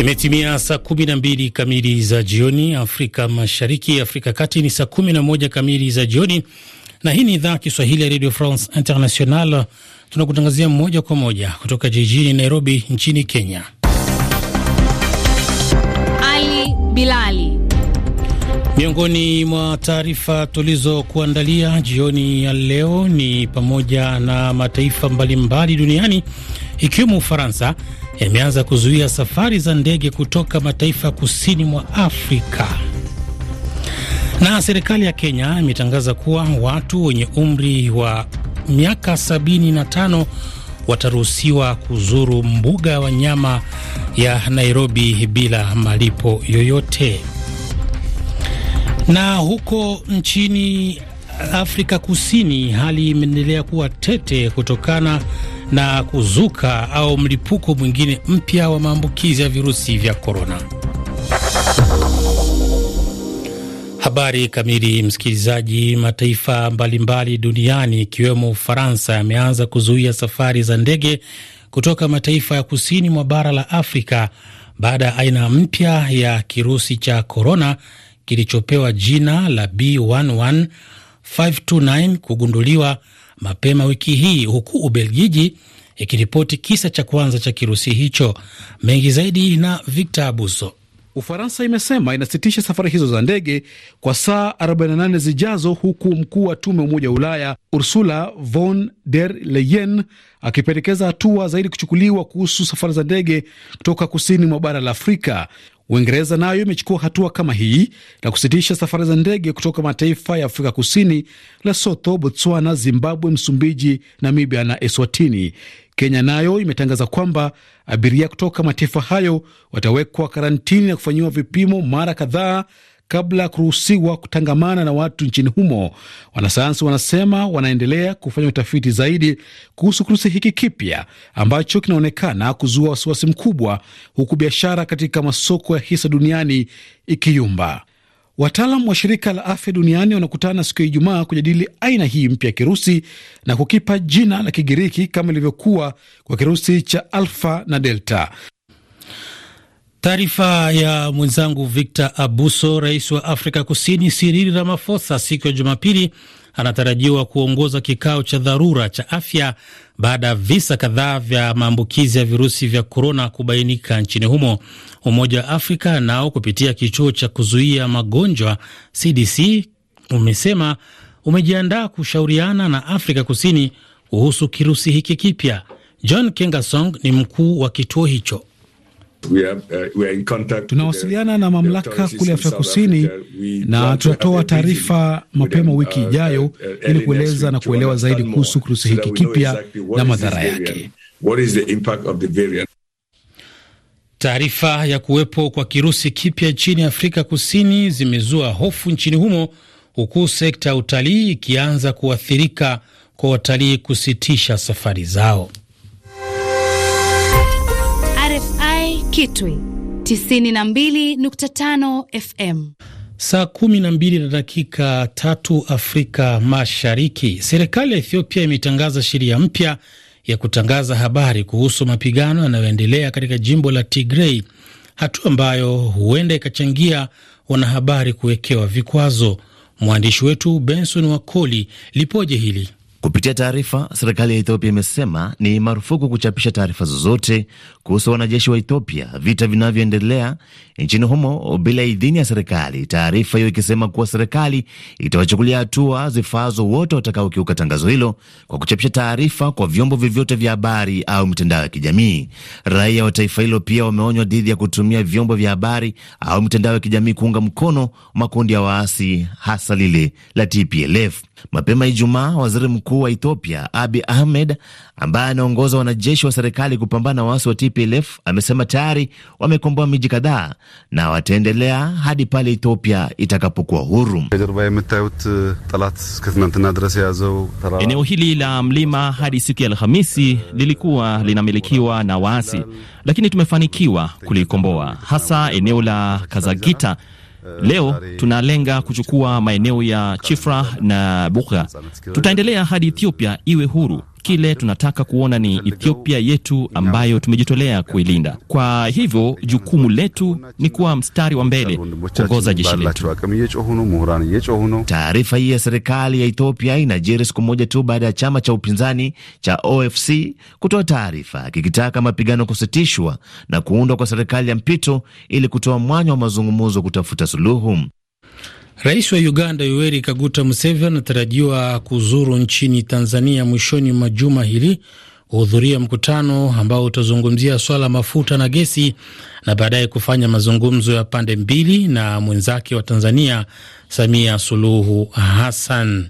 Imetimia saa 12 kamili za jioni Afrika Mashariki, Afrika Kati ni saa 11 kamili za jioni, na hii ni idhaa Kiswahili ya Radio France International. Tunakutangazia moja kwa moja kutoka jijini Nairobi nchini Kenya. Ali Bilali, miongoni mwa taarifa tulizokuandalia jioni ya leo ni pamoja na mataifa mbalimbali duniani ikiwemo Ufaransa yameanza kuzuia safari za ndege kutoka mataifa kusini mwa Afrika. Na serikali ya Kenya imetangaza kuwa watu wenye umri wa miaka 75 wataruhusiwa kuzuru mbuga ya wanyama ya Nairobi bila malipo yoyote. Na huko nchini Afrika Kusini hali imeendelea kuwa tete kutokana na kuzuka au mlipuko mwingine mpya wa maambukizi ya virusi vya korona. Habari kamili, msikilizaji. Mataifa mbalimbali duniani ikiwemo Ufaransa yameanza kuzuia safari za ndege kutoka mataifa ya kusini mwa bara la Afrika baada ya aina mpya ya kirusi cha korona kilichopewa jina la B11529 kugunduliwa mapema wiki hii, huku Ubelgiji ikiripoti kisa cha kwanza cha kirusi hicho. Mengi zaidi na Victor Abuso. Ufaransa imesema inasitisha safari hizo za ndege kwa saa 48 zijazo, huku mkuu wa tume Umoja wa Ulaya Ursula von der Leyen akipendekeza hatua zaidi kuchukuliwa kuhusu safari za ndege kutoka kusini mwa bara la Afrika. Uingereza nayo imechukua hatua kama hii na kusitisha safari za ndege kutoka mataifa ya Afrika Kusini, Lesotho, Botswana, Zimbabwe, Msumbiji, Namibia na Eswatini. Kenya nayo imetangaza kwamba abiria kutoka mataifa hayo watawekwa karantini na kufanyiwa vipimo mara kadhaa kabla ya kuruhusiwa kutangamana na watu nchini humo. Wanasayansi wanasema wanaendelea kufanya utafiti zaidi kuhusu kirusi hiki kipya ambacho kinaonekana kuzua wasiwasi mkubwa, huku biashara katika masoko ya hisa duniani ikiyumba. Wataalam wa shirika la afya duniani wanakutana siku ya Ijumaa kujadili aina hii mpya ya kirusi na kukipa jina la Kigiriki kama ilivyokuwa kwa kirusi cha Alfa na Delta. Taarifa ya mwenzangu Victor Abuso. Rais wa Afrika Kusini Cyril Ramaphosa siku ya Jumapili anatarajiwa kuongoza kikao cha dharura cha afya baada ya visa kadhaa vya maambukizi ya virusi vya korona kubainika nchini humo. Umoja wa Afrika nao kupitia kichuo cha kuzuia magonjwa CDC umesema umejiandaa kushauriana na Afrika Kusini kuhusu kirusi hiki kipya. John Kengasong ni mkuu wa kituo hicho. Uh, Tunawasiliana na mamlaka kule Afrika Kusini na tunatoa taarifa mapema uh, wiki uh, ijayo, ili kueleza na kuelewa zaidi kuhusu kirusi hiki kipya na madhara yake. Taarifa ya kuwepo kwa kirusi kipya nchini Afrika Kusini zimezua hofu nchini humo, huku sekta ya utalii ikianza kuathirika kwa watalii kusitisha safari zao. Kitwi 92.5 FM. Saa kumi na mbili na dakika tatu Afrika Mashariki. Serikali ya Ethiopia imetangaza sheria mpya ya kutangaza habari kuhusu mapigano yanayoendelea katika jimbo la Tigrei, hatua ambayo huenda ikachangia wanahabari kuwekewa vikwazo. Mwandishi wetu Benson Wakoli lipoje hili Kupitia taarifa, serikali ya Ethiopia imesema ni marufuku kuchapisha taarifa zozote kuhusu wanajeshi wa Ethiopia, vita vinavyoendelea nchini humo bila idhini ya serikali, taarifa hiyo ikisema kuwa serikali itawachukulia hatua zifaazo wote watakaokiuka tangazo hilo kwa kuchapisha taarifa kwa vyombo vyovyote vya habari au mitandao ya kijamii. Raia wa taifa hilo pia wameonywa dhidi ya kutumia vyombo vya habari au mitandao ya kijamii kuunga mkono makundi ya waasi hasa lile la TPLF. Mapema Ijumaa, waziri mkuu wa Ethiopia Abi Ahmed, ambaye anaongoza wanajeshi wa serikali kupambana na waasi wa TPLF, amesema tayari wamekomboa miji kadhaa na wataendelea hadi pale Ethiopia itakapokuwa huru. Eneo hili la mlima hadi siku ya Alhamisi lilikuwa linamilikiwa na waasi, lakini tumefanikiwa kulikomboa, hasa eneo la Kazagita Eh, Leo tunalenga kuchukua maeneo ya Chifra na Bugha. Tutaendelea hadi Ethiopia iwe huru. Kile tunataka kuona ni Ethiopia yetu ambayo tumejitolea kuilinda. Kwa hivyo jukumu letu ni kuwa mstari wa mbele kuongoza jeshi letu. Taarifa hii ya serikali ya Ethiopia inajiri siku moja tu baada ya chama cha upinzani cha OFC kutoa taarifa kikitaka mapigano kusitishwa na kuundwa kwa serikali ya mpito ili kutoa mwanya wa mazungumzo kutafuta suluhu. Rais wa Uganda Yoweri Kaguta Museveni anatarajiwa kuzuru nchini Tanzania mwishoni mwa juma hili kuhudhuria mkutano ambao utazungumzia swala mafuta na gesi na baadaye kufanya mazungumzo ya pande mbili na mwenzake wa Tanzania Samia Suluhu Hassan.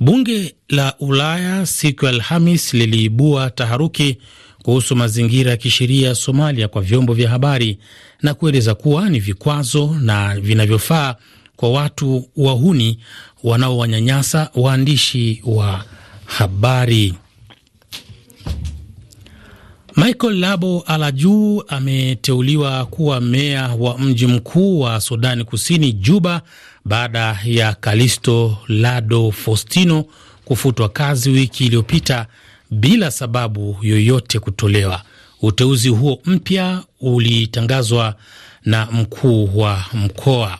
Bunge la Ulaya siku ya Alhamis liliibua taharuki kuhusu mazingira ya kisheria ya Somalia kwa vyombo vya habari na kueleza kuwa ni vikwazo na vinavyofaa kwa watu wahuni wanaowanyanyasa waandishi wa habari. Michael Labo alaju ameteuliwa kuwa meya wa mji mkuu wa Sudani Kusini, Juba, baada ya Kalisto Lado Faustino kufutwa kazi wiki iliyopita bila sababu yoyote kutolewa. Uteuzi huo mpya ulitangazwa na mkuu wa mkoa.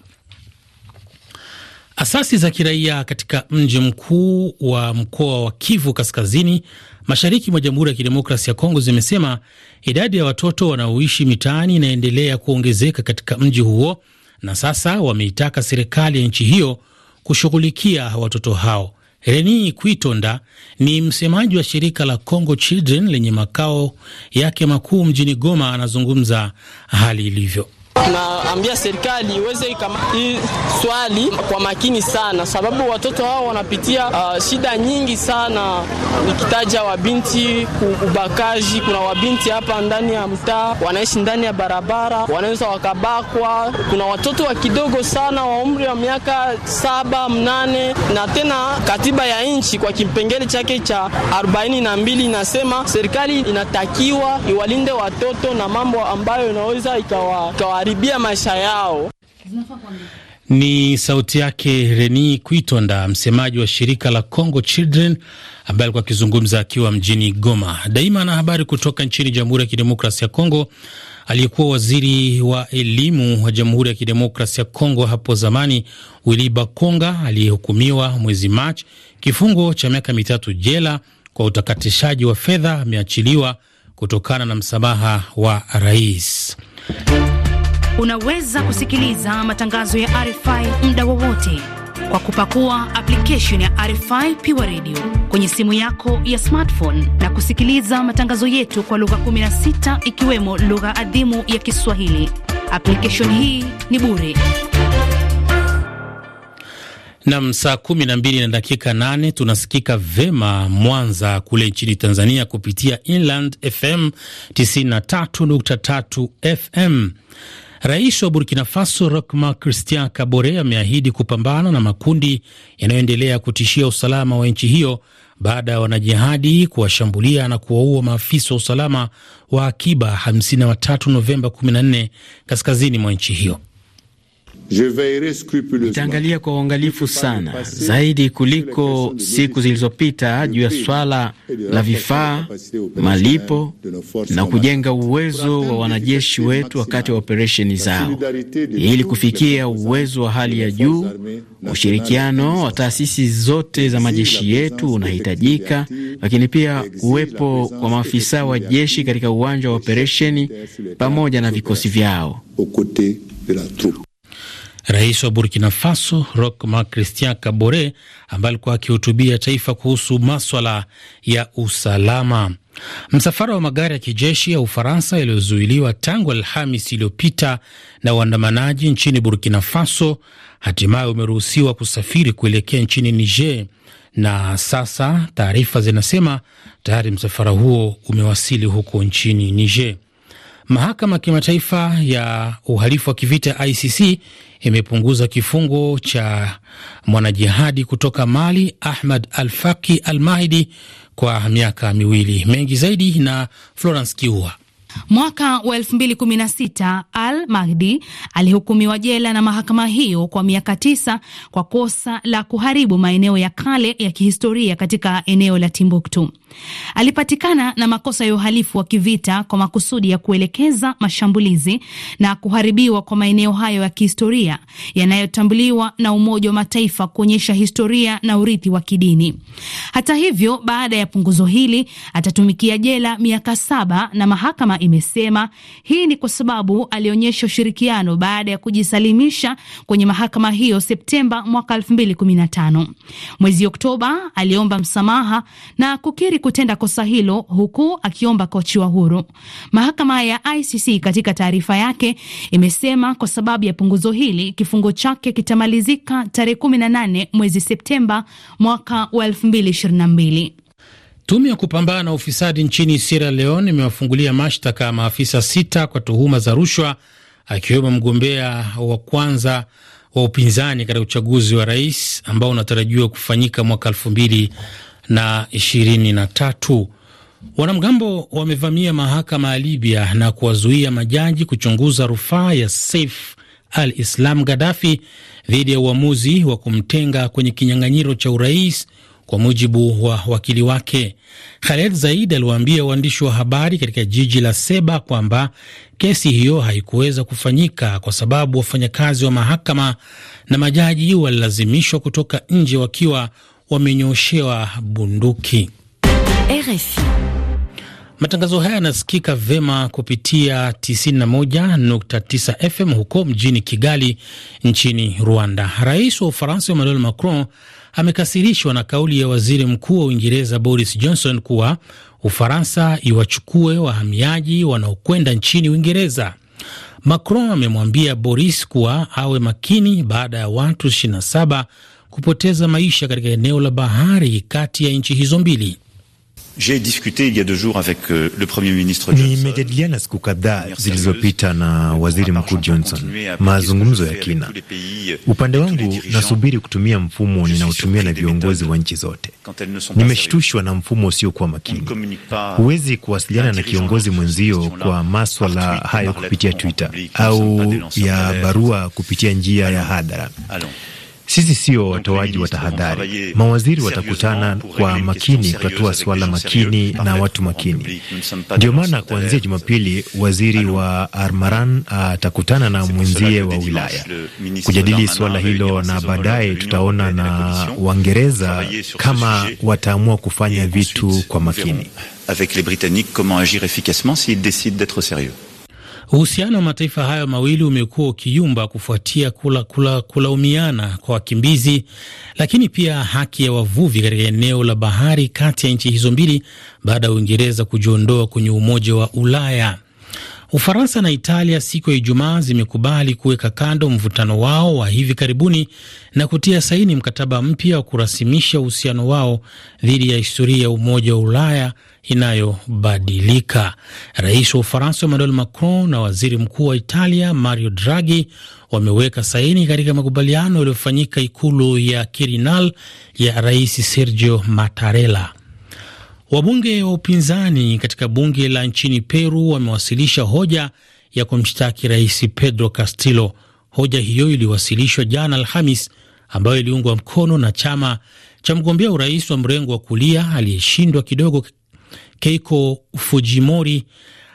Asasi za kiraia katika mji mkuu wa mkoa wa Kivu Kaskazini, mashariki mwa Jamhuri ya Kidemokrasi ya Kongo zimesema idadi ya watoto wanaoishi mitaani inaendelea kuongezeka katika mji huo, na sasa wameitaka serikali ya nchi hiyo kushughulikia watoto hao. Reni Kuitonda ni msemaji wa shirika la Congo Children lenye makao yake makuu mjini Goma, anazungumza hali ilivyo. Tunaambia serikali iweze ikamati swali kwa makini sana, sababu watoto hao wanapitia uh, shida nyingi sana. Nikitaja wabinti ubakaji, kuna wabinti hapa ndani ya mtaa wanaishi ndani ya barabara, wanaweza wakabakwa. Kuna watoto wa kidogo sana wa umri wa miaka saba mnane, na tena katiba ya nchi kwa kipengele chake cha 42 inasema serikali inatakiwa iwalinde watoto na mambo ambayo inaweza ikawa, ikawa kuharibia maisha yao. Ni sauti yake Reni Kuitonda, msemaji wa shirika la Congo Children ambaye alikuwa akizungumza akiwa mjini Goma. Daima ana habari kutoka nchini Jamhuri ya Kidemokrasi ya congo Aliyekuwa waziri wa elimu wa Jamhuri ya Kidemokrasi ya congo hapo zamani, Willy Bakonga aliyehukumiwa mwezi Machi kifungo cha miaka mitatu jela kwa utakatishaji wa fedha ameachiliwa kutokana na msamaha wa rais. Unaweza kusikiliza matangazo ya RFI muda wowote kwa kupakua application ya RFI Pure Radio kwenye simu yako ya smartphone na kusikiliza matangazo yetu kwa lugha 16 ikiwemo lugha adhimu ya Kiswahili. Application hii ni bure. Nam, saa kumi na mbili na dakika nane tunasikika vema Mwanza kule nchini Tanzania kupitia Inland FM 93.3 FM. Rais wa Burkina Faso Rokma Christian Kabore ameahidi kupambana na makundi yanayoendelea kutishia usalama wa nchi hiyo baada ya wanajihadi kuwashambulia na kuwaua maafisa wa usalama wa akiba 53 Novemba 14 kaskazini mwa nchi hiyo. Nitaangalia kwa uangalifu sana zaidi kuliko siku zilizopita juu ya swala la vifaa, malipo na kujenga uwezo wa wanajeshi wetu wakati wa operesheni zao, ili kufikia uwezo wa hali ya juu. Ushirikiano wa taasisi zote za majeshi yetu unahitajika, lakini pia uwepo wa maafisa wa jeshi katika uwanja wa operesheni pamoja na vikosi vyao. Rais wa Burkina Faso Roch Marc Christian Kabore, ambaye alikuwa akihutubia taifa kuhusu maswala ya usalama. Msafara wa magari ya kijeshi ya Ufaransa yaliyozuiliwa tangu Alhamis iliyopita na waandamanaji nchini Burkina Faso hatimaye umeruhusiwa kusafiri kuelekea nchini Niger, na sasa taarifa zinasema tayari msafara huo umewasili huko nchini Niger. Mahakama ya Kimataifa ya Uhalifu wa Kivita ICC imepunguza kifungo cha mwanajihadi kutoka Mali Ahmad al Almahidi kwa miaka miwili. Mengi zaidi na Florence Kiua. Mwaka wa sita Al Mahdi alihukumiwa jela na mahakama hiyo kwa miaka tisa kwa kosa la kuharibu maeneo ya kale ya kihistoria katika eneo la Timbuktu. Alipatikana na makosa ya uhalifu wa kivita kwa makusudi ya kuelekeza mashambulizi na kuharibiwa kwa maeneo hayo ya kihistoria yanayotambuliwa na Umoja wa Mataifa kuonyesha historia na urithi wa kidini. Hata hivyo, baada ya punguzo hili atatumikia jela miaka saba na mahakama imesema hii ni kwa sababu alionyesha ushirikiano baada ya kujisalimisha kwenye mahakama hiyo Septemba mwaka 2015. Mwezi Oktoba aliomba msamaha na kukiri kutenda kosa hilo huku akiomba kuachiwa huru. Mahakama ya ICC katika taarifa yake imesema kwa sababu ya punguzo hili kifungo chake kitamalizika tarehe 18 mwezi Septemba mwaka wa 2022. Tume ya kupambana na ufisadi nchini Sierra Leone imewafungulia mashtaka maafisa sita kwa tuhuma za rushwa, akiwemo mgombea wa kwanza wa upinzani katika uchaguzi wa rais ambao unatarajiwa kufanyika mwaka elfu mbili na ishirini na tatu. Wanamgambo wamevamia mahakama ya Libya na kuwazuia majaji kuchunguza rufaa ya Saif al Islam Gaddafi dhidi ya uamuzi wa kumtenga kwenye kinyang'anyiro cha urais kwa mujibu wa wakili wake. Khaled Zaid aliwaambia waandishi wa habari katika jiji la Seba kwamba kesi hiyo haikuweza kufanyika kwa sababu wafanyakazi wa mahakama na majaji walilazimishwa kutoka nje wakiwa wamenyoshewa bunduki. RFI. Matangazo haya yanasikika vema kupitia 91.9 FM huko mjini Kigali nchini Rwanda. Rais wa Ufaransa Emmanuel Macron amekasirishwa na kauli ya waziri mkuu wa Uingereza Boris Johnson kuwa Ufaransa iwachukue wahamiaji wanaokwenda nchini Uingereza. Macron amemwambia Boris kuwa awe makini baada ya watu 27 kupoteza maisha katika eneo la bahari kati ya nchi hizo mbili. J'ai discuté il y a deux jours avec euh, le Premier Ministre Johnson. Nimejadiliana siku kadhaa zilizopita na Waziri Mkuu Johnson, mazungumzo ya kina. Euh, Upande wangu nasubiri kutumia mfumo ninaotumia na viongozi wa nchi zote. Nimeshtushwa na mfumo usiokuwa makini. Huwezi kuwasiliana na kiongozi mwenzio kwa maswala hayo kupitia Twitter au ya barua kupitia njia ya hadhara. Sisi sio watoaji wa tahadhari. Mawaziri watakutana kwa makini kutatua suala makini na watu makini. Ndio maana kuanzia Jumapili waziri wa Armaran ah, atakutana na mwenzie wa wilaya kujadili suala hilo, na baadaye tutaona na Waingereza kama wataamua kufanya vitu kwa makini. Uhusiano wa mataifa hayo mawili umekuwa ukiyumba kufuatia kulaumiana kula, kula kwa wakimbizi, lakini pia haki ya wavuvi katika eneo la bahari kati ya nchi hizo mbili baada ya Uingereza kujiondoa kwenye Umoja wa Ulaya. Ufaransa na Italia siku ya Ijumaa zimekubali kuweka kando mvutano wao wa hivi karibuni na kutia saini mkataba mpya wa kurasimisha uhusiano wao dhidi ya historia ya Umoja wa Ulaya inayobadilika. Rais wa Ufaransa Emmanuel Macron na waziri mkuu wa Italia Mario Draghi wameweka saini katika makubaliano yaliyofanyika ikulu ya Quirinal ya Rais Sergio Mattarella. Wabunge wa upinzani katika bunge la nchini Peru wamewasilisha hoja ya kumshtaki Rais Pedro Castillo. Hoja hiyo iliwasilishwa jana Alhamis, ambayo iliungwa mkono na chama cha mgombea urais wa mrengo wa kulia aliyeshindwa kidogo Keiko Fujimori,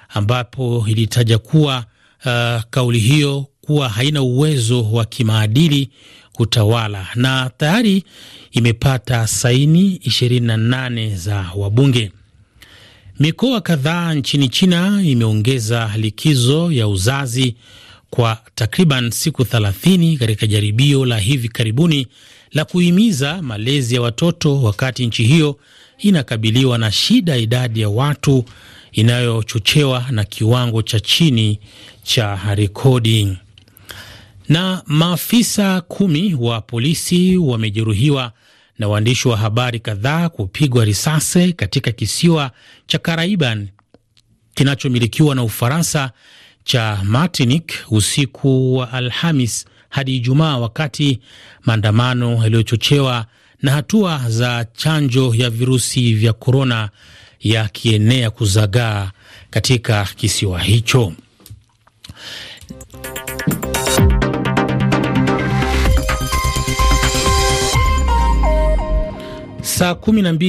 ambapo ilitaja kuwa uh, kauli hiyo kuwa haina uwezo wa kimaadili kutawala na tayari imepata saini 28 za wabunge. Mikoa kadhaa nchini China imeongeza likizo ya uzazi kwa takriban siku 30 katika jaribio la hivi karibuni la kuhimiza malezi ya watoto, wakati nchi hiyo inakabiliwa na shida idadi ya watu inayochochewa na kiwango cha chini cha rekodi. Na maafisa kumi wa polisi wamejeruhiwa na waandishi wa habari kadhaa kupigwa risasi katika kisiwa cha Karaiban kinachomilikiwa na Ufaransa cha Martinique usiku wa Alhamis hadi Ijumaa, wakati maandamano yaliyochochewa na hatua za chanjo ya virusi vya korona yakienea kuzagaa katika kisiwa hicho. saa 12